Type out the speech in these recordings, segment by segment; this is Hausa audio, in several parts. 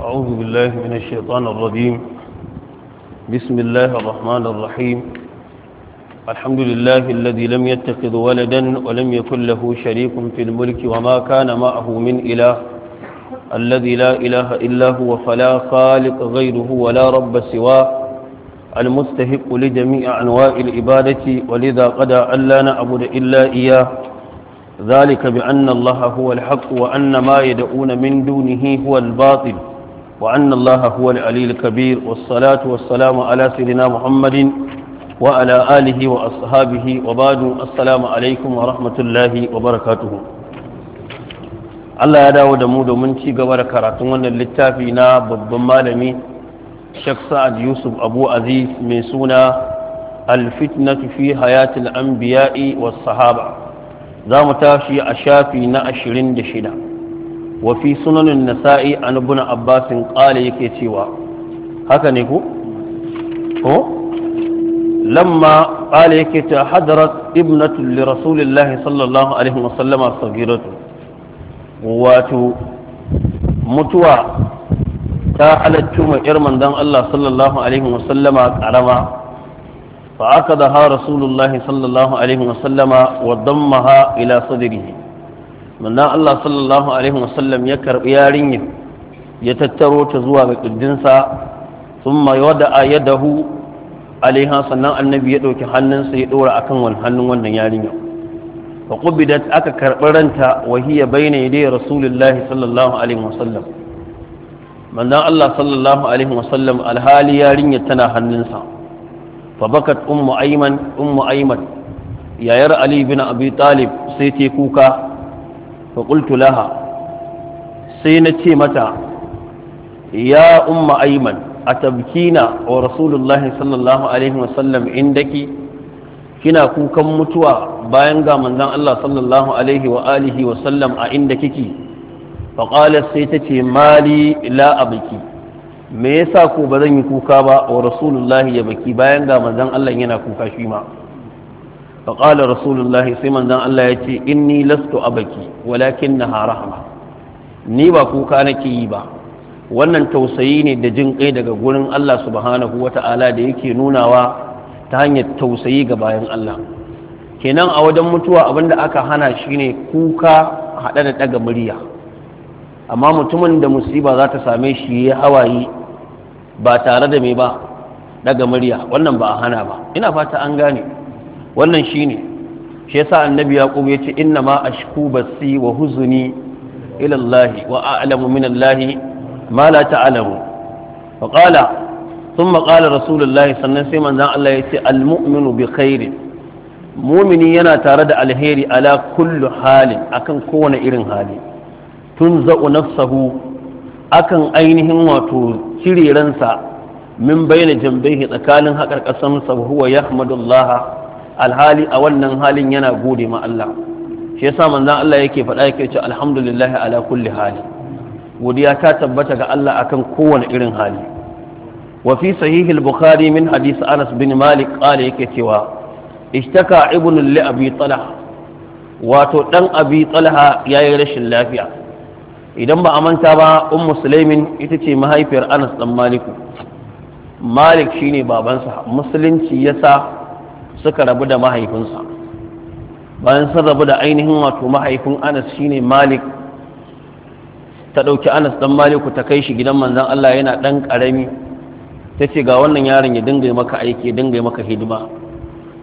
أعوذ بالله من الشيطان الرجيم بسم الله الرحمن الرحيم الحمد لله الذي لم يتخذ ولدا ولم يكن له شريك في الملك وما كان معه من إله الذي لا إله إلا هو فلا خالق غيره ولا رب سواه المستحق لجميع أنواع العبادة ولذا قدى أن لا نعبد إلا إياه ذلك بأن الله هو الحق وأن ما يدعون من دونه هو الباطل وأن الله هو العلي الكبير والصلاة والسلام على سيدنا محمد وعلى آله وأصحابه وبعد السلام عليكم ورحمة الله وبركاته Allah ya dawo da mu domin ci gaba da karatun wannan littafi na babban malami Sheikh Sa'ad Yusuf Abu Aziz mai suna Al-Fitnatu fi Hayatil Ambiyai was Sahaba za mu tashi a shafi na shida. وفي سنن النسائي عن ابن عباس قال يكي سوى هكا نيكو هو لما قال يكي حضرت ابنة لرسول الله صلى الله عليه وسلم صغيرة واتو ta halattu mai yar manzon Allah sallallahu alaihi wasallama karama fa aka da ha rasulullahi sallallahu alaihi wasallama wa dammaha ila sadrihi manzon Allah sallallahu alaihi wasallam ya karbi yarinya ya tattaro ta zuwa ga kiddinsa thumma ya dahu alaiha sannan annabi ya dauki hannunsa ya dora akan wani hannun wannan yarinya fa qubidat aka karbi ranta wa hiya bayna yaday rasulullahi sallallahu alaihi wasallam manzon Allah sallallahu alaihi wasallam alhali yarinya tana hannunsa fa bakat ummu ayman ummu ayman yayar ali bin abi talib sai ta kuka faƙultu sai na ce mata ya umma aiman a tabkina wa rasulullahi sallallahu alaihi wasallam indaki kina kukan mutuwa bayan ga manzon Allah sallallahu alaihi wa alihi a inda kiki faƙalar sai ta ce mali la abiki me yasa ko ba zan yi kuka ba wa rasulullahi ya baki bayan ga manzon Allah yana kuka shi ma فقال رسول الله سيما دان الله يتي إني لست أبكي ولكنها رحمة kuka nake yi ba. wannan tausayi ne da jin kai daga gurin Allah subhanahu wata'ala da yake nunawa ta hanyar tausayi ga bayan Allah kenan a wajen mutuwa abinda aka hana shine kuka haɗe da ɗaga murya amma mutumin da musiba za ta same shi ya hawayi ba tare da me ba daga murya wannan ba a hana ba ina fata an gane wannan ne shi sa annabi yaqub ya ce inna ma ashku basi wa huzuni ilallahi wa a'lamu min ma la rasulullahi sannan sai manzan Allah ya ce almuminu mu'minu bi khairin mumini yana tare da alheri ala kullu halin akan kowane irin hali tun za'u nafsahu akan ainihin wato cire ransa min bayyana jambehi tsakanin haƙar ƙasansa huwa ya alhali a wannan halin yana gode ma Allah shi yasa manzon Allah yake faɗa yake cewa alhamdulillah ala kulli hali godiya ta tabbata ga Allah akan kowane irin hali wa fi sahih al-bukhari min hadith Anas bin Malik qala yake cewa ishtaka ibn li abi talha wato dan abi talha yayi rashin lafiya idan ba a manta ba um musulmin ita ce mahaifiyar Anas dan Malik Malik shine babansa musulunci yasa suka rabu da mahaifinsa bayan sun rabu da ainihin wato mahaifin anas shine malik ta ɗauki anas ɗan maliku ta kai shi gidan manzan allah yana ɗan ƙarami ta ce ga wannan yaron ya dinga maka aiki ya dinga maka hidima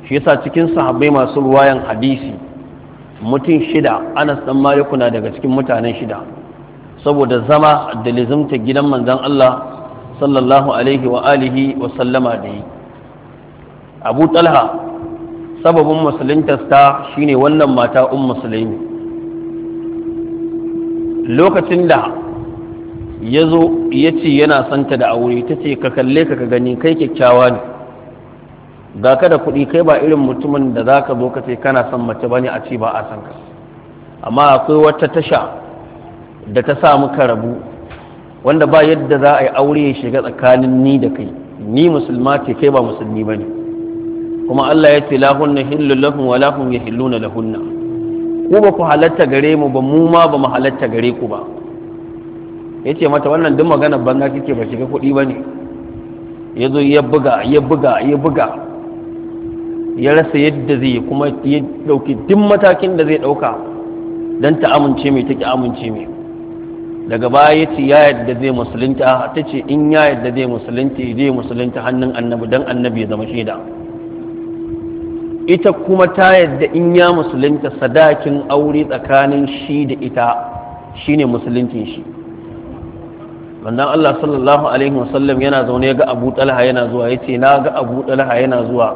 shi yasa cikin sahabbai masu ruwayan hadisi mutum shida anas ɗan maliku na daga cikin mutanen shida saboda zama da lizimta gidan manzan allah sallallahu alaihi wa alihi wa sallama da yi abu talha sababin musuluntarsa shine wannan mata un umm musulmi lokacin da ya zo ya ce yana santa da aure ta ce ka kalle ka gani kai kyakkyawa ne ga ka da kuɗi kai ba irin mutumin da za ka zo ka ce kana son mace ba ne a ce ba a san ka amma akwai wata tasha da ta sa muka rabu wanda ba yadda za a yi aure ya shiga tsakanin ni da kai ni musulma ce kai ba musulmi ba ne. kuma Allah ya ce lahunna hillul lahum wa lahum yahilluna lahunna ku ba ku halatta gare mu ba mu ma ba mu halatta gare ku ba yace mata wannan duk magana banga kike ba shiga kuɗi bane yazo ya buga ya buga ya buga ya rasa yadda zai yi kuma ya dauki duk matakin da zai dauka dan ta amince mai take amince mai daga baya ya ce ya yadda zai musulunta ta ce in ya yadda zai musulunta zai musulunta hannun annabi dan annabi ya zama shaida ita kuma ta yadda in ya musulunta sadakin aure tsakanin shi da ita shine musuluncin shi wannan Allah sallallahu alaihi wasallam yana zaune ga Abu Talha yana zuwa yace na ga Abu Talha yana zuwa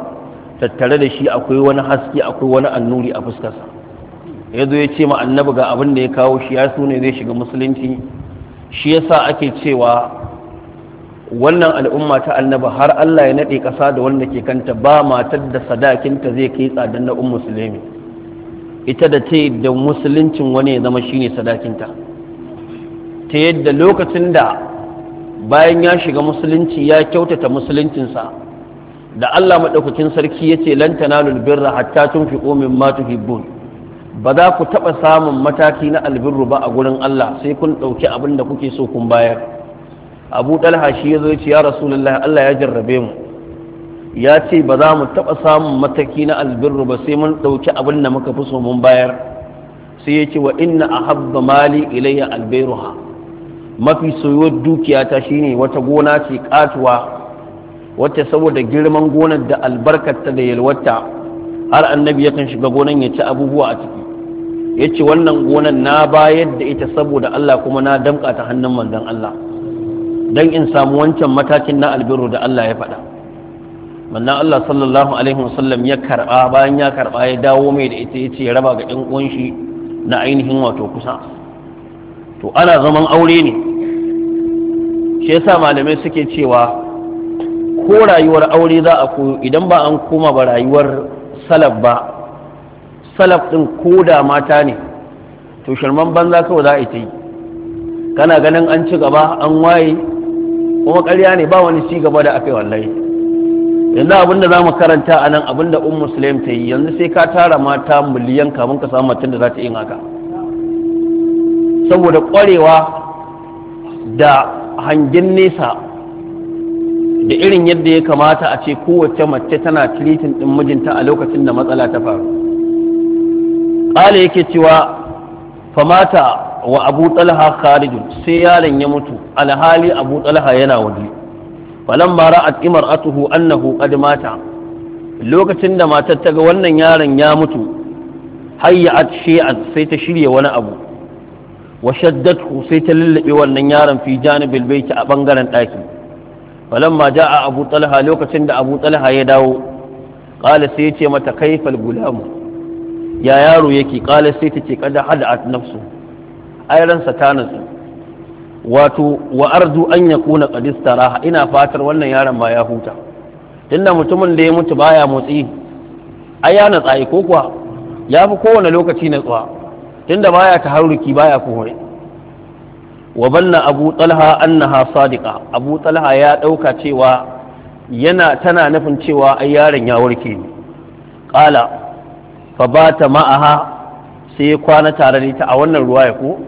tattare da shi akwai wani haske akwai wani annuri a fuskarsa yazo ya ce ma annabi ga abin da ya kawo shi ya ne zai shiga musulunci shi yasa ake cewa wannan al'umma ta annaba har Allah ya naɗe ƙasa da wanda ke kanta ba matar da sadakinta zai kai tsadan na musulmi ita da ta da musuluncin wani ya zama shine sadakinta ta yadda lokacin da bayan ya shiga musulunci ya kyautata musuluncinsa da Allah maɗaukakin sarki ya ce lan tanalul birra hatta tunfiqu mimma tuhibbun ba za ku taɓa samun mataki na albirru ba a gurin Allah sai kun ɗauki abin da kuke so kun bayar abu dalha shi ya zo ya ce ya rasulullahi Allah ya jarrabe mu ya ce ba za mu taɓa samun mataki na albirru ba sai mun ɗauki abin da muka fi so mun bayar sai ya ce wa inna a habba mali ilayya albairuha mafi soyuwar dukiyata shine wata gona ce katuwa wacce saboda girman gonar da albarkarta da yalwata har annabi yakan shiga gonan ya ci abubuwa a ciki ya ce wannan gonan na bayar da ita saboda allah kuma na damƙa ta hannun manzon allah don in samu wancan matakin na albiru da Allah ya faɗa mannan Allah sallallahu alaihi wasallam ya karɓa bayan ya karɓa ya dawo mai da ita ya ce raba ga ɗan ƙunshi na ainihin wato kusa to ana zaman aure ne shi yasa malamai suke cewa ko rayuwar aure za a koyo idan ba an koma ba rayuwar salaf ba salaf ɗin ko da mata ne to shirman banza kawai za a yi ta yi kana ganin an ci gaba an waye kuma ƙarya ne ba wani ci gaba da yi wallahi yanzu abin da za mu karanta a nan abin da um musulun ta yi yanzu sai ka tara mata miliyan kafin ka samu matan da za ta yi haka saboda ƙwarewa da hangen nesa da irin yadda ya kamata a ce kowace mace tana tilitin ɗin mijinta a lokacin da matsala ta faru ƙala yake cewa famata wa abu talha kharijun sai yaron ya mutu alhali abu talha yana waje falamma ra'at imra'atuhu annahu qad mata lokacin da matar ta ga wannan yaron ya mutu hayyat shay'an sai ta shirya wani abu wa shaddatu sai ta lullube wannan yaron fi janibil baiti a bangaren daki falamma ja'a abu talha lokacin da abu talha ya dawo qala sai ya ce mata kaifal gulam ya yaro yake qala sai ta ce kada hadat nafsu ai ta nutsu wato wa arju an yakuna qad istaraha ina fatar wannan yaron ba ya huta tunda mutumin da ya mutu baya motsi ai ya natsa ko kuwa ya fi kowane lokaci natsuwa tunda baya ta haruki baya kuhure wa banna abu talha annaha sadiqa abu talha ya dauka cewa yana tana nufin cewa ai yaron ya warke ne qala fa bata ma'aha sai kwana tare da ita a wannan ruwa ko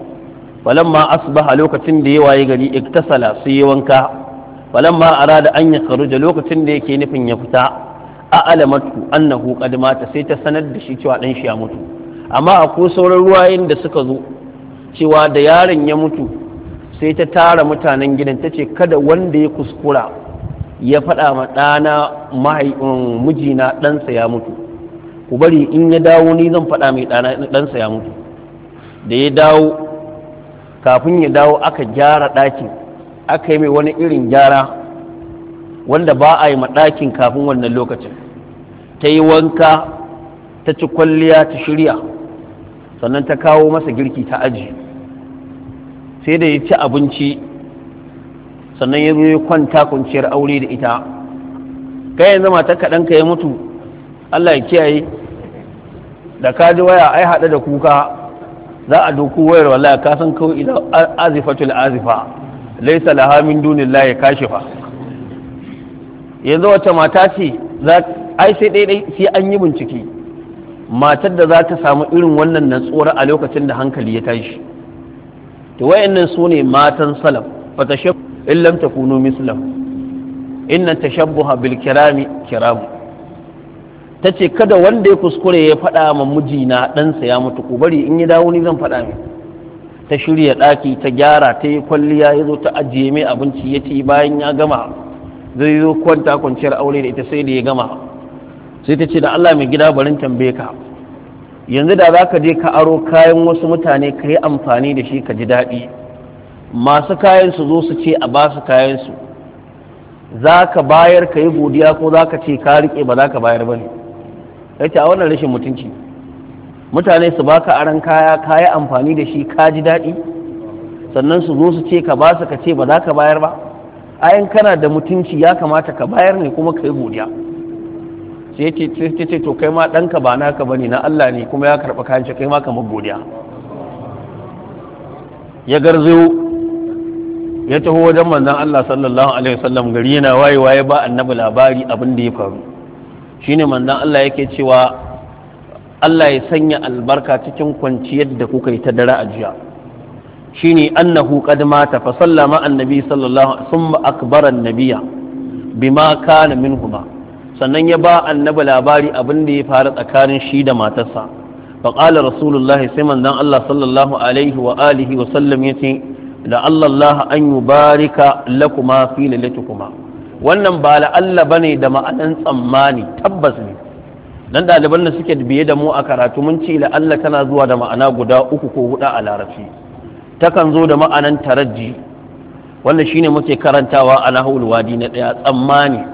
falamma asbaha lokacin da ya waye gari iktasala sai ya wanka falamma arada an ya da lokacin da yake nufin ya fita a alamatu annahu qad mata sai ta sanar da shi cewa dan shi ya mutu amma akwai sauran ruwayen da suka zo cewa da yaron ya mutu sai ta tara mutanen gidan ta ce kada wanda ya kuskura ya faɗa ma ɗana mijina ɗansa ya mutu ku bari in ya dawo ni zan faɗa mai ɗansa ya mutu da ya dawo kafin ya dawo aka gyara ɗakin aka yi mai wani irin gyara wanda ba a yi ma ɗakin kafin wannan lokacin ta yi wanka ta ci kwalliya ta shirya sannan ta kawo masa girki ta aji sai da ya ci abinci sannan ya zo ya kwanta kwanciyar aure da ita Ka yanzu mata kaɗan ka ya mutu allah ya kiyaye da ka ji waya ai haɗe da kuka za a doku wayar wallahi ka san kawai idan azifatul azifa laisa laha min dunillahi kashifa yanzu wata mata ce za ai sai dai sai an yi bincike matar da za ta samu irin wannan natsuwar a lokacin da hankali ya tashi to wayannan su ne matan salaf fa tashabbu in takunu mislam inna tashabbuha bil kirami kiramu ta ce kada wanda ya kuskure ya faɗa ma mijina ɗansa ya mutu ku bari in ya dawo ni zan faɗa mai ta shirya ɗaki ta gyara ta yi kwalliya ya zo ta ajiye mai abinci ya ci bayan ya gama zai zo kwanta kwanciyar aure da ita sai da ya gama sai ta ce da Allah mai gida barin tambaye ka yanzu da za ka je ka aro kayan wasu mutane ka yi amfani da shi ka ji daɗi masu kayan su zo su ce a ba su kayan su za ka bayar ka yi godiya ko za ka ce ka riƙe ba za ka bayar ba ne ya ce a wannan rashin mutunci mutane su baka aran kaya ka yi amfani da shi ka ji daɗi sannan su zo su ce ka ba su ka ce ba za ka bayar ba ayan kana da mutunci ya kamata ka bayar ne kuma ka yi godiya sai ce ce to kai ma ɗanka ba naka ne na Allah ne kuma ya karɓa kayan shi kai ma kamar godiya ya garzayo ya taho wajen manzon Allah sallallahu alaihi wasallam gari yana wayewa ya ba annabi labari abin da ya faru shine manzon Allah yake cewa Allah ya sanya albarka cikin kwanciyar da kuka yi ta dare a jiya shine annahu qad mata fa sallama annabi sallallahu alaihi wasallam akbara annabiya bima kana minhuma sannan ya ba annabi labari abin da ya faru tsakanin shi da matarsa fa qala rasulullahi sai manzan Allah sallallahu alaihi wa alihi wa sallam yace da Allah an yubarika lakuma fi lailatikuma wannan ba la'alla bane da ma'anan tsammani tabbas ne dan ɗaliban da suke biye da mu a karatu mun ce la'alla tana zuwa da ma'ana guda uku ko huɗu a larabci takan zo da ma'anan taraji wanda shine muke karantawa a nahul wadi na ɗaya tsammani